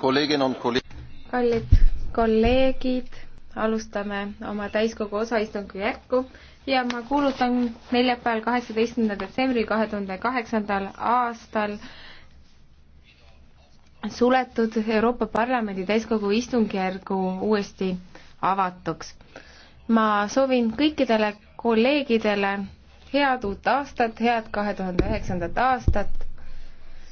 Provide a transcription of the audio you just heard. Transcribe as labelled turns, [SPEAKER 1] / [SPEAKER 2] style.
[SPEAKER 1] kallid
[SPEAKER 2] kolleegid, alustame oma täiskogu osaistungi järku ja ma kuulutan neljapäeval, kaheksateistkümnendal detsembril kahe tuhande kaheksandal aastal suletud Euroopa Parlamendi täiskogu istungjärgu uuesti avatuks. ma soovin kõikidele kolleegidele head uut aastat, head kahe tuhande üheksandat aastat